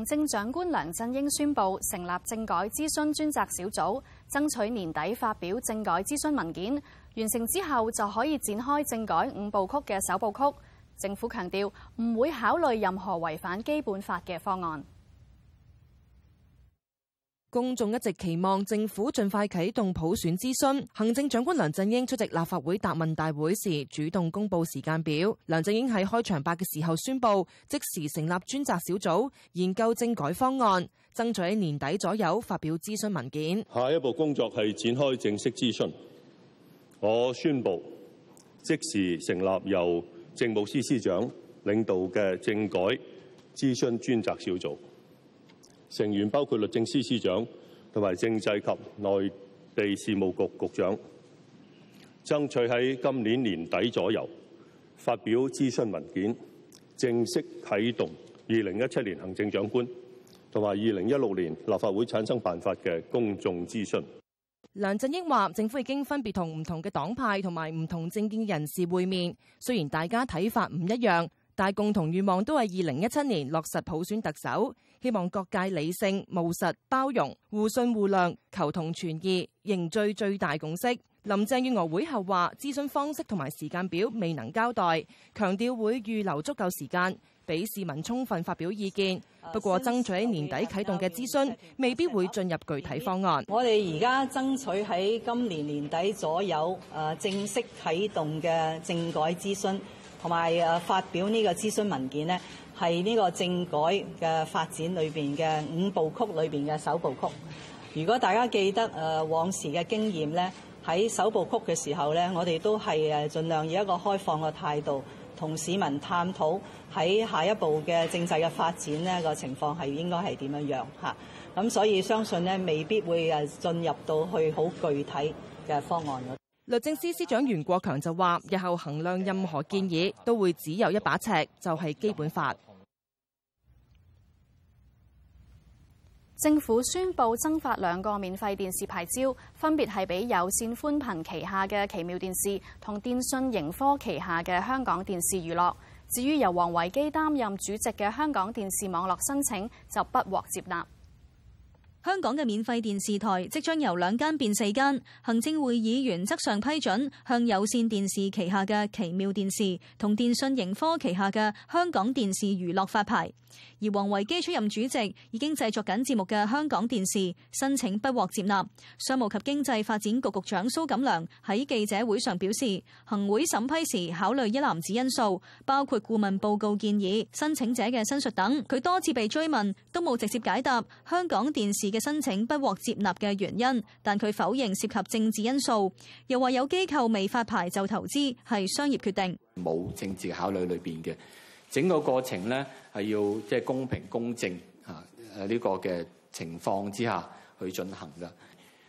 行政長官梁振英宣布成立政改諮詢專責小組，爭取年底發表政改諮詢文件，完成之後就可以展開政改五部曲嘅首部曲。政府強調唔會考慮任何違反基本法嘅方案。公眾一直期望政府盡快啟動普選諮詢。行政長官梁振英出席立法會答問大會時，主動公布時間表。梁振英喺開場白嘅時候宣佈，即時成立專責小組研究政改方案，爭取喺年底左右發表諮詢文件。下一步工作係展開正式諮詢，我宣佈即時成立由政務司司長領導嘅政改諮詢專責小組。成員包括律政司司長同埋政制及內地事務局局長，爭取喺今年年底左右發表諮詢文件，正式啟動二零一七年行政長官同埋二零一六年立法會產生辦法嘅公眾諮詢。梁振英話，政府已經分別同唔同嘅黨派同埋唔同政見人士會面，雖然大家睇法唔一樣，大共同願望都係二零一七年落實普選特首，希望各界理性、務實、包容、互信互諒，求同存異，凝聚最大共識。林鄭月娥會後話：諮詢方式同埋時間表未能交代，強調會預留足夠時間俾市民充分發表意見。不過爭取喺年底啟動嘅諮詢未必會進入具體方案。我哋而家爭取喺今年年底左右，誒正式啟動嘅政改諮詢。同埋發表呢個諮詢文件呢，係呢個政改嘅發展裏面嘅五部曲裏面嘅首部曲。如果大家記得往時嘅經驗呢，喺首部曲嘅時候呢我哋都係盡量以一個開放嘅態度同市民探討喺下一步嘅政制嘅發展呢、呢個情況係應該係點樣樣嚇。咁所以相信呢未必會進入到去好具體嘅方案。律政司司長袁國強就話：日後衡量任何建議，都會只有一把尺，就係、是、基本法。政府宣布增發兩個免費電視牌照，分別係俾有線寬頻旗下嘅奇妙電視同電訊盈科旗下嘅香港電視娛樂。至於由王維基擔任主席嘅香港電視網絡申請，就不獲接納。香港嘅免費電視台即將由兩間變四間。行政會議原則上批准向有綫電視旗下嘅奇妙電視同電訊盈科旗下嘅香港電視娛樂發牌，而王維基出任主席、已經製作緊節目嘅香港電視申請不獲接納。商務及經濟發展局局長蘇錦良喺記者會上表示，行會審批時考慮一籃子因素，包括顧問報告建議、申請者嘅申述等。佢多次被追問都冇直接解答香港電視。嘅申請不獲接納嘅原因，但佢否認涉及政治因素，又話有機構未發牌就投資係商業決定，冇政治考慮。裏邊嘅整個過程咧，係要即係公平公正啊呢個嘅情況之下去進行嘅。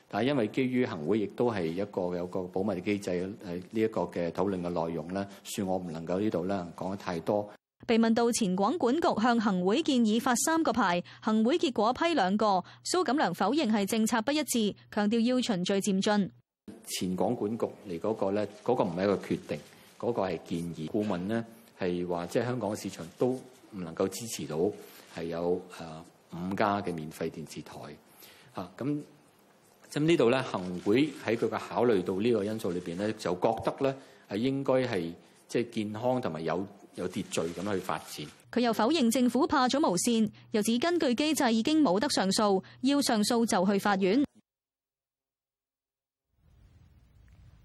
但係因為基於行會亦都係一個有個保密機制，喺呢一個嘅討論嘅內容咧，恕我唔能夠呢度咧講太多。被問到前廣管局向行會建議發三個牌，行會結果批兩個，蘇錦樑否認係政策不一致，強調要循序漸進。前廣管局嚟嗰個咧，嗰個唔係一個決定，嗰個係建議顧問呢，係話，即係香港市場都唔能夠支持到係有誒五家嘅免費電視台啊。咁咁呢度咧，行會喺佢嘅考慮到呢個因素裏邊咧，就覺得咧係應該係即係健康同埋有。有秩序咁樣去發展。佢又否認政府怕咗無線，又指根據機制已經冇得上訴，要上訴就去法院。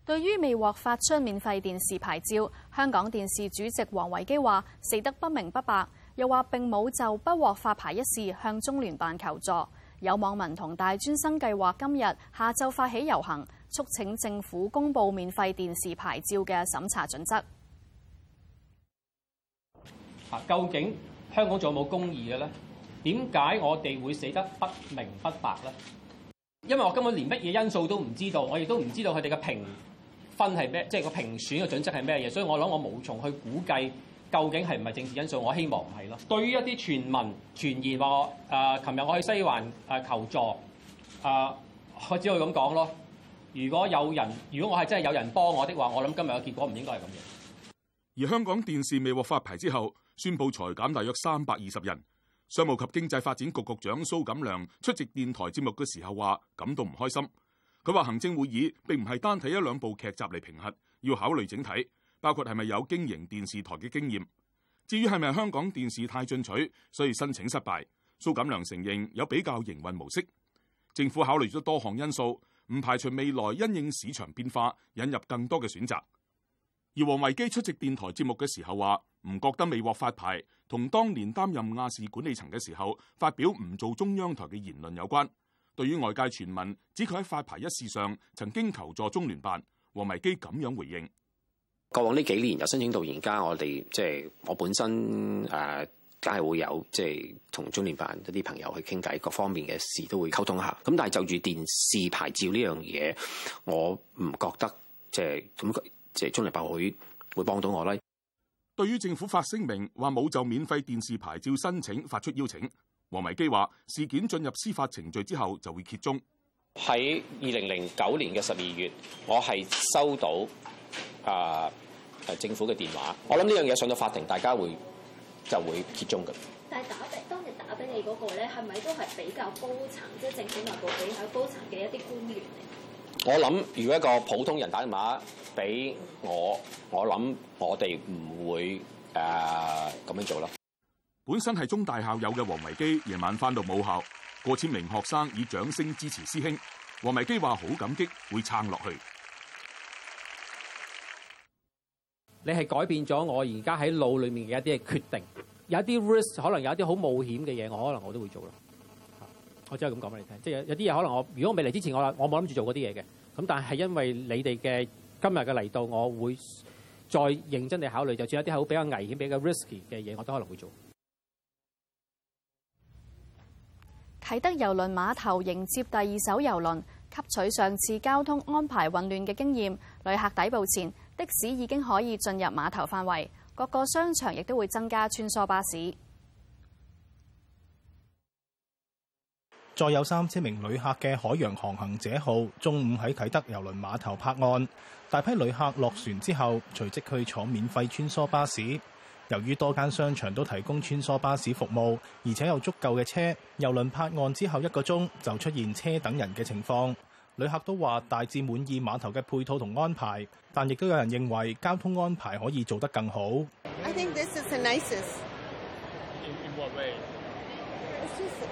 對於未獲發出免費電視牌照，香港電視主席王維基話死得不明不白，又話並冇就不獲發牌一事向中聯辦求助。有網民同大專生計劃今日下晝發起遊行，促請政府公布免費電視牌照嘅審查準則。究竟香港仲有冇公義嘅咧？點解我哋會死得不明不白咧？因為我根本連乜嘢因素都唔知道，我亦都唔知道佢哋嘅評分係咩，即係個評選嘅準則係咩嘢，所以我諗我無從去估計究竟係唔係政治因素。我希望唔係咯。對於一啲傳聞、傳言話我琴日、呃、我去西環誒求助誒，我只可以咁講咯。如果有人，如果我係真係有人幫我的話，我諗今日嘅結果唔應該係咁樣。而香港電視未獲發牌之後，宣布裁減大約三百二十人，商務及經濟發展局局長蘇錦樑出席電台節目嘅時候話感到唔開心。佢話行政會議並唔係單睇一兩部劇集嚟評核，要考慮整體，包括係咪有經營電視台嘅經驗。至於係咪香港電視太進取，所以申請失敗，蘇錦樑承認有比較營運模式。政府考慮咗多項因素，唔排除未來因應市場變化引入更多嘅選擇。而王維基出席電台節目嘅時候話，唔覺得未獲發牌，同當年擔任亞視管理層嘅時候發表唔做中央台嘅言論有關。對於外界傳聞指佢喺發牌一事上曾經求助中聯辦，王維基咁樣回應：過往呢幾年由申請到而家，我哋即係我本身誒，梗、啊、係會有即係同中聯辦一啲朋友去傾偈，各方面嘅事都會溝通下。咁但係就住電視牌照呢樣嘢，我唔覺得即係咁。即係中聯辦會會幫到我啦。對於政府發聲明話冇就免費電視牌照申請發出邀請，王維基話事件進入司法程序之後就會揭盅。喺二零零九年嘅十二月，我係收到啊，誒、呃、政府嘅電話。我諗呢樣嘢上到法庭，大家會就會揭盅嘅。但係打俾當日打俾你嗰個咧，係咪都係比較高層，即係政府內部比較高層嘅一啲官員嚟？我諗，如果一個普通人打電話俾我，我諗我哋唔會誒咁、呃、樣做咯。本身係中大校友嘅王維基，夜晚返到母校，過千名學生以掌聲支持師兄。王維基話好感激，會撐落去。你係改變咗我而家喺腦裏面嘅一啲嘅決定，有一啲 risk 可能有一啲好冒險嘅嘢，我可能我都會做咯。我只係咁講俾你聽，即係有有啲嘢可能我如果我未嚟之前我我冇諗住做嗰啲嘢嘅，咁但係係因為你哋嘅今日嘅嚟到，我會再認真地考慮，就算一啲好比較危險、比較 risky 嘅嘢，我都可能會做。啟德郵輪碼頭迎接第二艘郵輪，吸取上次交通安排混亂嘅經驗，旅客抵埗前的士已經可以進入碼頭範圍，各個商場亦都會增加穿梭巴士。再有三千名旅客嘅海洋航行者號中午喺啟德郵輪碼頭泊岸，大批旅客落船之後隨即去坐免費穿梭巴士。由於多間商場都提供穿梭巴士服務，而且有足夠嘅車，郵輪泊岸之後一個鐘就出現車等人嘅情況，旅客都話大致滿意碼頭嘅配套同安排，但亦都有人認為交通安排可以做得更好。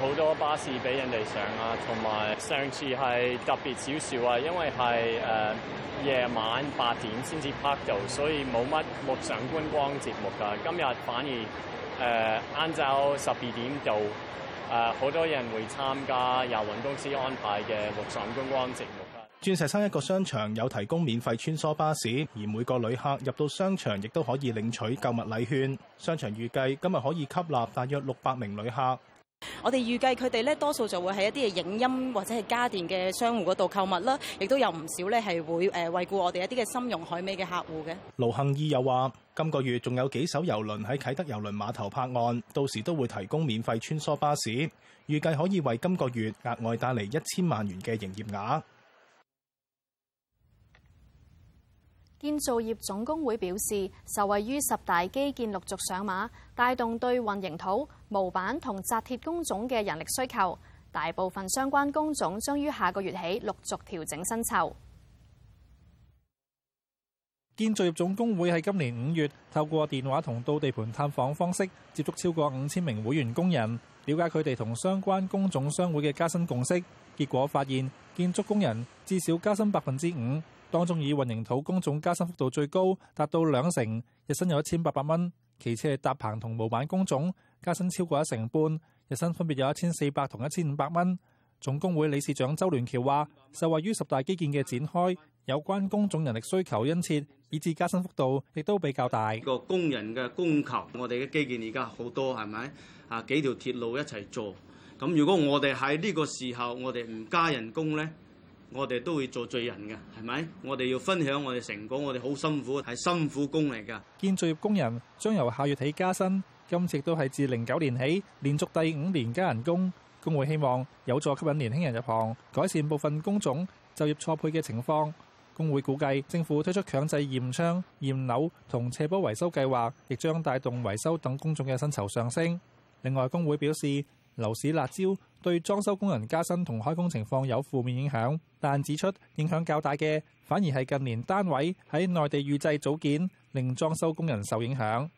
好多巴士俾人哋上啊，同埋上次係特別少少啊，因為係、呃、夜晚八點先至泊到，所以冇乜陸上觀光節目㗎、啊。今日反而誒晏晝十二點到誒，好、呃、多人會參加郵輪公司安排嘅陸上觀光節目、啊。鑽石山一個商場有提供免費穿梭巴士，而每個旅客入到商場亦都可以領取購物禮券。商場預計今日可以吸納大約六百名旅客。我哋預計佢哋咧，多數就會喺一啲嘅影音或者係家電嘅商戶嗰度購物啦，亦都有唔少咧係會誒惠顧我哋一啲嘅參茸海味嘅客戶嘅。盧杏義又話，今個月仲有幾艘郵輪喺啟德郵輪碼頭泊岸，到時都會提供免費穿梭巴士，預計可以為今個月額外帶嚟一千萬元嘅營業額。建造業總工會表示，受惠於十大基建陸續上馬，帶動對混凝土、模板同紮鐵工種嘅人力需求，大部分相關工種將於下個月起陸續調整薪酬。建造業總工會喺今年五月透過電話同到地盤探訪方式，接觸超過五千名會員工人，了解佢哋同相關工種商會嘅加薪共識。結果發現，建築工人至少加薪百分之五。當中以混凝土工種加薪幅度最高，達到兩成，日薪有一千八百蚊。其次係搭棚同模板工種，加薪超過一成半，日薪分別有一千四百同一千五百蚊。總工會理事長周聯橋話：受惠於十大基建嘅展開，有關工種人力需求殷切，以致加薪幅度亦都比較大。個工人嘅供求，我哋嘅基建而家好多係咪？啊，幾條鐵路一齊做，咁如果我哋喺呢個時候我哋唔加人工呢？我哋都會做罪人嘅，係咪？我哋要分享我哋成果，我哋好辛苦，係辛苦工嚟㗎。建造業工人將由下月起加薪，今次都係自零九年起連續第五年加人工。工會希望有助吸引年輕人入行，改善部分工種就業錯配嘅情況。工會估計，政府推出強制驗窗、驗樓同斜坡維修計劃，亦將帶動維修等工種嘅薪酬上升。另外，工會表示，樓市辣招對裝修工人加薪同開工情況有負面影響，但指出影響較大嘅反而係近年單位喺內地預製組件，令裝修工人受影響。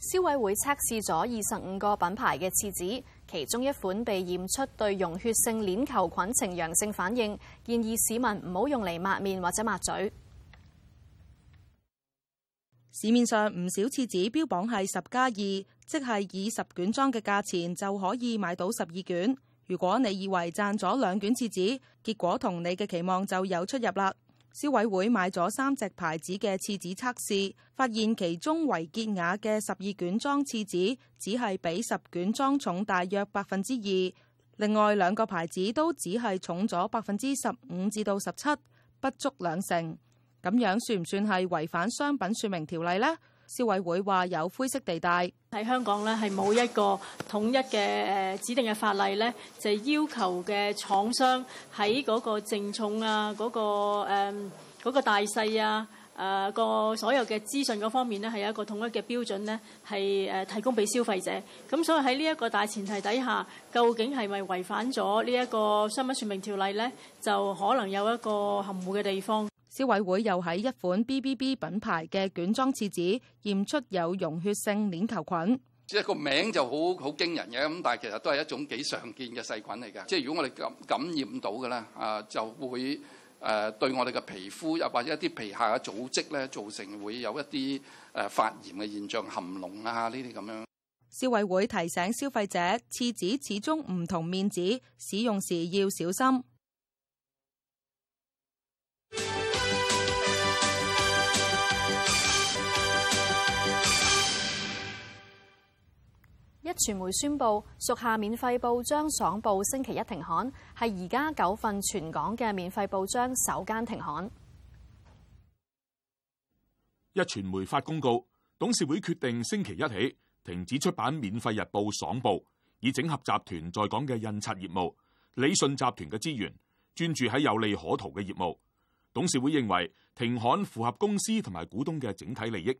消委會測試咗二十五個品牌嘅廁紙，其中一款被驗出對溶血性鏈球菌呈陽性反應，建議市民唔好用嚟抹面或者抹嘴。市面上唔少廁紙標榜係十加二，即係以十卷裝嘅價錢就可以買到十二卷。如果你以為賺咗兩卷廁紙，結果同你嘅期望就有出入啦。消委會買咗三隻牌子嘅廁紙測試，發現其中維潔雅嘅十二卷裝廁紙只係比十卷裝重大約百分之二，另外兩個牌子都只係重咗百分之十五至到十七，不足兩成。咁樣算唔算係違反商品説明條例呢？消委會話有灰色地帶。喺香港呢，係冇一個統一嘅誒指定嘅法例呢，就係要求嘅廠商喺嗰個淨重啊、嗰個誒嗰個大細啊、誒個所有嘅資訊嗰方面呢，係有一個統一嘅標準呢，係誒提供俾消費者。咁所以喺呢一個大前提底下，究竟係咪違反咗呢一個商品説明條例呢，就可能有一個含糊嘅地方。消委會又喺一款 B B B 品牌嘅卷裝廁紙驗出有溶血性鏈球菌，即係個名就好好驚人嘅，咁但係其實都係一種幾常見嘅細菌嚟嘅。即係如果我哋感感染到嘅咧，啊就會誒對我哋嘅皮膚又或者一啲皮下嘅組織咧造成會有一啲誒發炎嘅現象、含膿啊呢啲咁樣。消委會提醒消費者，廁紙始終唔同面紙，使用時要小心。壹傳媒宣布，屬下免費報章《爽報》星期一停刊，係而家九份全港嘅免費報章首間停刊。壹傳媒發公告，董事會決定星期一起停止出版免費日報《爽報》，以整合集團在港嘅印刷業務，理順集團嘅資源，專注喺有利可圖嘅業務。董事會認為停刊符合公司同埋股東嘅整體利益。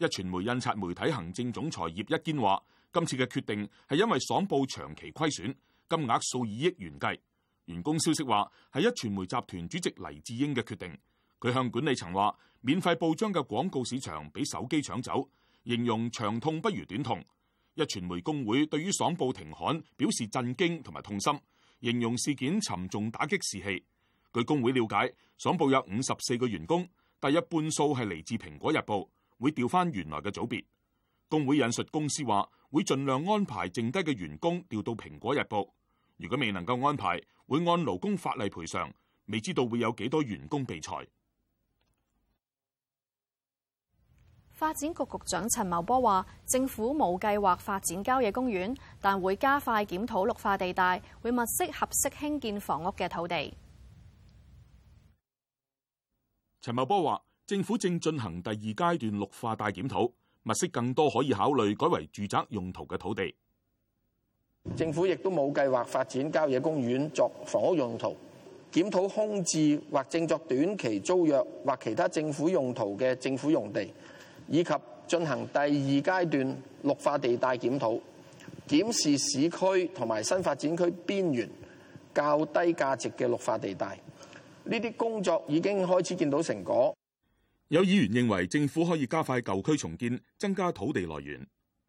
壹傳媒印刷媒體行政總裁葉一堅話。今次嘅決定係因為爽報長期虧損，金額數以億元計。員工消息話係一傳媒集團主席黎智英嘅決定。佢向管理層話：免費報章嘅廣告市場俾手機搶走，形容長痛不如短痛。一傳媒工會對於爽報停刊表示震驚同埋痛心，形容事件沉重打擊士氣。據工會了解，爽報有五十四個員工，但一半數係嚟自蘋果日報，會調翻原來嘅組別。工會引述公司話，會盡量安排剩低嘅員工調到《蘋果日報》。如果未能夠安排，會按勞工法例賠償。未知道會有幾多員工被裁。發展局局長陳茂波話，政府冇計劃發展郊野公園，但會加快檢討綠,綠化地帶，會覓適合興建房屋嘅土地。陳茂波話，政府正進行第二階段綠化大檢討。物色更多可以考慮改為住宅用途嘅土地。政府亦都冇計劃發展郊野公園作房屋用途，檢討空置或正作短期租約或其他政府用途嘅政府用地，以及進行第二階段綠化地帶檢討，檢視市區同埋新發展區邊緣較低價值嘅綠化地帶。呢啲工作已經開始見到成果。有議員認為政府可以加快舊區重建，增加土地來源。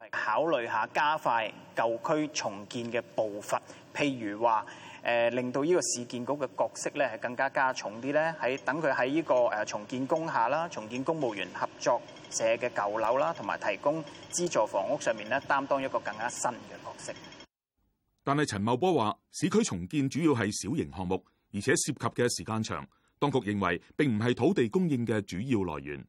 考慮下加快舊區重建嘅步伐，譬如話誒，令到呢個市建局嘅角色咧係更加加重啲咧，喺等佢喺呢個誒重建工廈啦，重建公務員合作社嘅舊樓啦，同埋提供資助房屋上面咧，擔當一個更加新嘅角色。但係陳茂波話，市區重建主要係小型項目，而且涉及嘅時間長。當局認為並唔係土地供應嘅主要來源。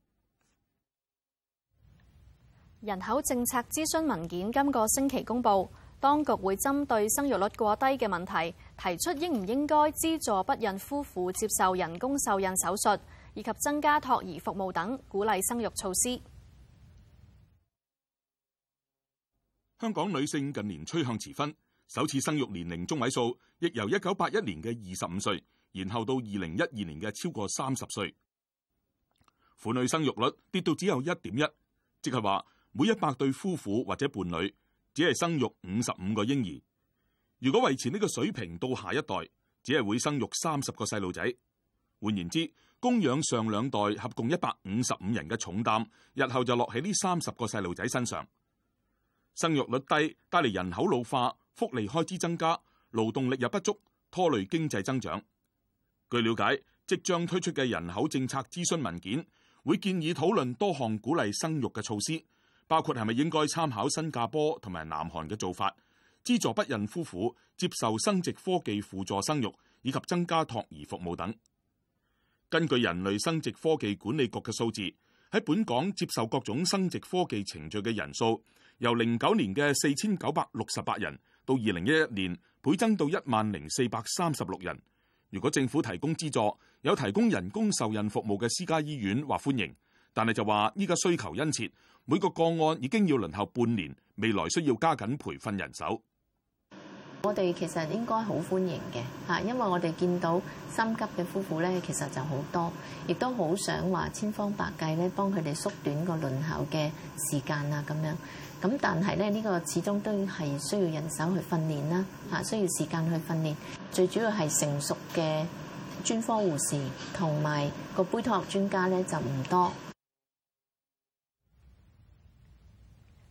人口政策諮詢文件今個星期公佈，當局會針對生育率過低嘅問題，提出應唔應該資助不孕夫婦接受人工受孕手術，以及增加托兒服務等鼓勵生育措施。香港女性近年趨向遲婚，首次生育年齡中位數亦由一九八一年嘅二十五歲，然後到二零一二年嘅超過三十歲，婦女生育率跌到只有一點一，即係話，每一百對夫婦或者伴侶只係生育五十五個嬰兒。如果維持呢個水平到下一代，只係會生育三十個細路仔。換言之，供養上兩代合共一百五十五人嘅重擔，日後就落喺呢三十個細路仔身上。生育率低帶嚟人口老化、福利開支增加、勞動力又不足，拖累經濟增長。據了解，即將推出嘅人口政策諮詢文件會建議討論多項鼓勵生育嘅措施，包括係咪應該參考新加坡同埋南韓嘅做法，資助不孕夫婦接受生殖科技輔助生育以及增加托兒服務等。根據人類生殖科技管理局嘅數字，喺本港接受各種生殖科技程序嘅人數，由零九年嘅四千九百六十八人，到二零一一年倍增到一萬零四百三十六人。如果政府提供資助，有提供人工受孕服務嘅私家醫院話歡迎，但係就話依家需求殷切，每個個案已經要輪候半年，未來需要加緊培訓人手。我哋其實應該好歡迎嘅吓，因為我哋見到心急嘅夫婦咧，其實就好多，亦都好想話千方百計咧幫佢哋縮短個輪候嘅時間啊，咁樣。咁，但係咧，呢個始終都係需要人手去訓練啦，嚇需要時間去訓練。最主要係成熟嘅專科護士同埋個胚胎學專家咧，就唔多。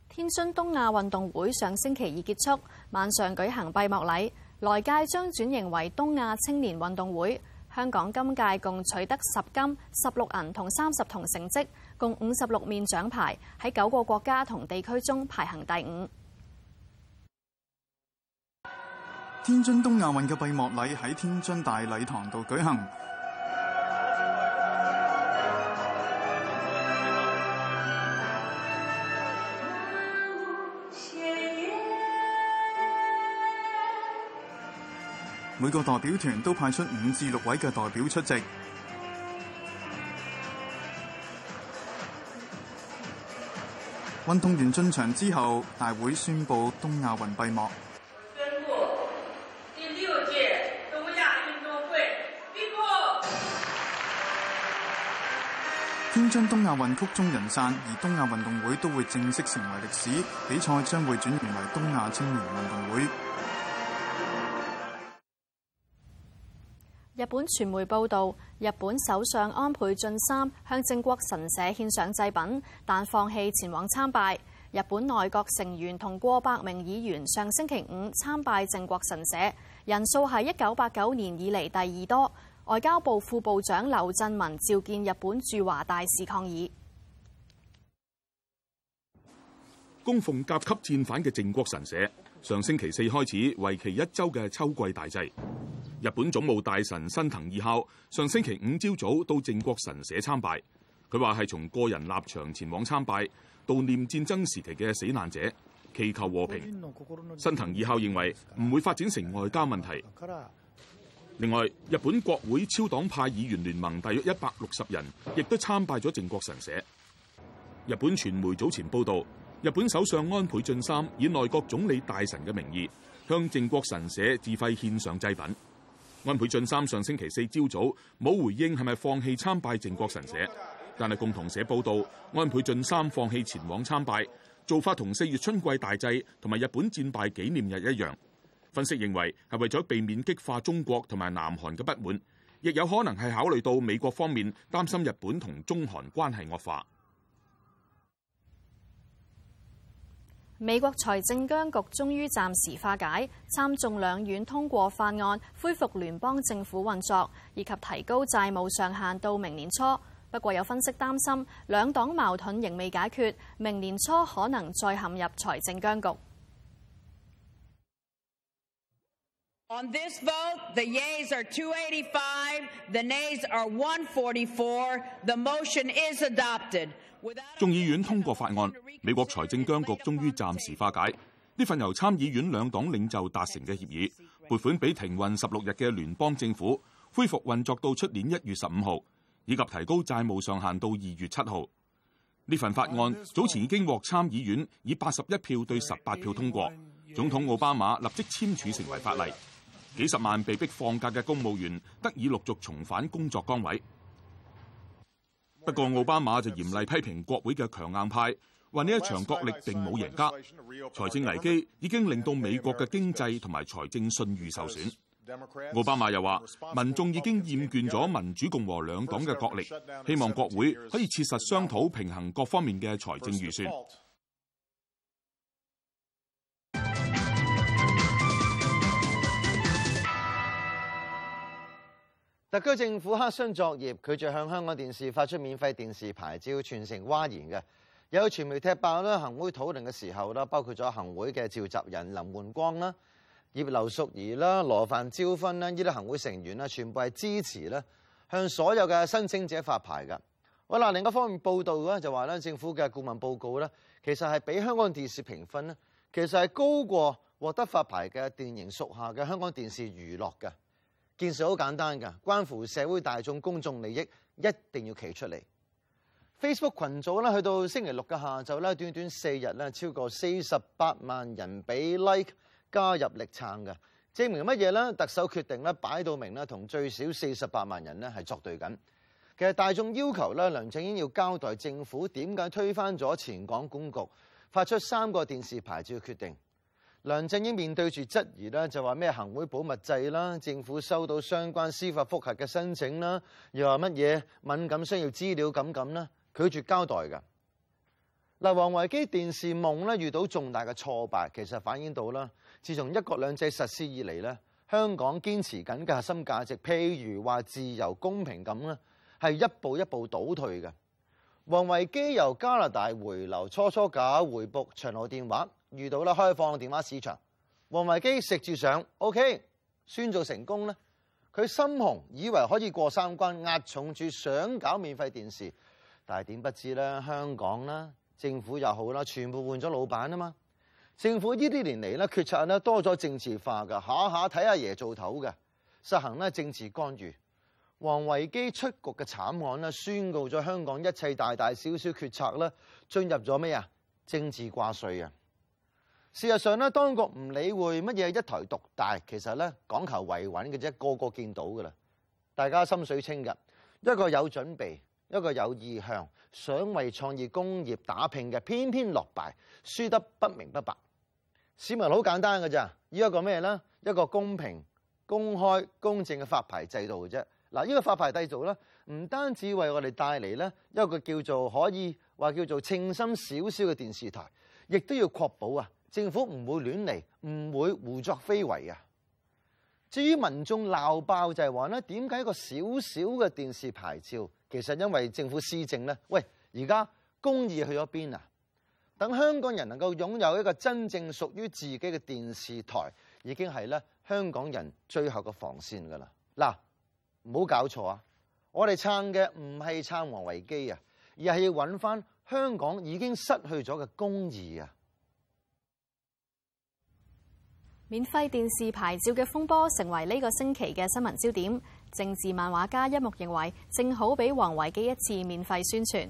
天津東亞運動會上星期二結束，晚上舉行閉幕禮。來屆將轉型為東亞青年運動會。香港今屆共取得十金、十六銀同三十銅成績。共五十六面獎牌，喺九個國家同地區中排行第五。天津東亞運嘅閉幕禮喺天津大禮堂度舉行。每個代表團都派出五至六位嘅代表出席。運動員進場之後，大會宣布東亞運閉幕。宣布，第六屆東亞運動會閉幕。天津東亞運曲終人散，而東亞運動會都會正式成為歷史，比賽將會轉移為東亞青年運動會。日本傳媒報導，日本首相安倍晉三向靖國神社獻上祭品，但放棄前往參拜。日本內閣成員同過百名議員上星期五參拜靖國神社，人數係一九八九年以嚟第二多。外交部副部長劉振民召見日本駐華大使抗議。供奉甲級戰犯嘅靖國神社，上星期四開始，為期一周嘅秋季大祭。日本總務大臣新藤義孝上星期五朝早到靖國神社參拜，佢話係從個人立場前往參拜，悼念戰爭時期嘅死難者，祈求和平。新藤義孝認為唔會發展成外交問題。另外，日本國會超黨派議員聯盟大約一百六十人亦都參拜咗靖國神社。日本傳媒早前報道，日本首相安倍晉三以內閣總理大臣嘅名義向靖國神社自費獻上祭品。安倍晉三上星期四朝早冇回應係咪放棄參拜靖國神社，但係共同社報道安倍晉三放棄前往參拜，做法同四月春季大祭同埋日本戰敗紀念日一樣，分析認為係為咗避免激化中國同埋南韓嘅不滿，亦有可能係考慮到美國方面擔心日本同中韓關係惡化。美國財政僵局終於暫時化解，參眾兩院通過法案恢復聯邦政府運作，以及提高債務上限到明年初。不過有分析擔心，兩黨矛盾仍未解決，明年初可能再陷入財政僵局。On this vote, the yeas are 285, the nays are 144, the motion is adopted. 眾議院通過法案，美國財政僵局終於暫時化解。呢份由參議院兩黨領袖達成嘅協議，撥款俾停運十六日嘅聯邦政府，恢復運作到出年一月十五號，以及提高債務上限到二月七號。呢份法案早前已經獲參議院以八十一票對十八票通過，總統奧巴馬立即簽署成為法例。幾十萬被迫放假嘅公務員得以陸續重返工作崗位。不過，奧巴馬就嚴厲批評國會嘅強硬派，話呢一場角力並冇贏家。財政危機已經令到美國嘅經濟同埋財政信譽受損。奧巴馬又話：民眾已經厭倦咗民主共和兩黨嘅角力，希望國會可以切實商討平衡各方面嘅財政預算。特區政府黑箱作業，佢就向香港電視發出免費電視牌照，全承歪言嘅。有傳媒踢爆啦，行會討論嘅時候啦，包括咗行會嘅召集人林冠光啦、葉劉淑儀啦、羅范椒芬啦，依啲行會成員啦，全部係支持咧向所有嘅申請者發牌嘅。嗱，另一方面報導咧，就話咧政府嘅顧問報告咧，其實係俾香港電視評分咧，其實係高過獲得發牌嘅電影屬下嘅香港電視娛樂嘅。件事好簡單㗎，關乎社會大眾公眾利益，一定要企出嚟。Facebook 群組咧，去到星期六嘅下晝咧，短短四日咧，超過四十八萬人俾 like 加入力撐嘅，證明乜嘢咧？特首決定咧，擺到明咧，同最少四十八萬人咧係作對緊。其實大眾要求咧，梁振英要交代政府點解推翻咗前港公局發出三個電視牌照決定。梁振英面對住質疑咧，就話咩行會保密制啦，政府收到相關司法覆核嘅申請啦，又話乜嘢敏感商業資料咁咁啦，拒絕交代㗎。嗱，王維基電視夢咧遇到重大嘅挫敗，其實反映到啦，自從一國兩制實施以嚟咧，香港堅持緊嘅核心價值，譬如話自由、公平咁啦，係一步一步倒退嘅。王維基由加拿大回流初初假回撥長途電話。遇到咧開放嘅電話市場，王維基食住上 O.K. 宣造成功咧，佢心紅以為可以過三關，壓重注想搞免費電視，但係點不知咧香港啦政府又好啦，全部換咗老闆啊嘛。政府呢啲年嚟咧決策咧多咗政治化嘅，下下睇阿爺做頭嘅，實行咧政治干預。王維基出局嘅慘案咧，宣告咗香港一切大大小小決策咧進入咗咩啊政治掛帥嘅。事實上咧，當局唔理會乜嘢一台獨大，其實咧講求維穩嘅啫，個個見到嘅啦，大家心水清㗎，一個有準備，一個有意向，想為創業工業打拼嘅，偏偏落敗，輸得不明不白。市民好簡單嘅咋，要一個咩呢？一個公平、公開、公正嘅發牌制度嘅啫。嗱，呢個發牌制度咧，唔單止為我哋帶嚟咧一個叫做可以話叫做「稱心少少」嘅電視台，亦都要確保啊。政府唔會亂嚟，唔會胡作非為啊！至於民眾鬧爆就係話咧，點解一個小小嘅電視牌照，其實因為政府施政呢。喂，而家公義去咗邊啊？等香港人能夠擁有一個真正屬於自己嘅電視台，已經係咧香港人最後嘅防線噶啦！嗱，唔好搞錯啊！我哋撐嘅唔係撐王維基啊，而係要搵翻香港已經失去咗嘅公義啊！免費電視牌照嘅風波成為呢個星期嘅新聞焦點。政治漫畫家一木認為，正好俾王維基一次免費宣傳。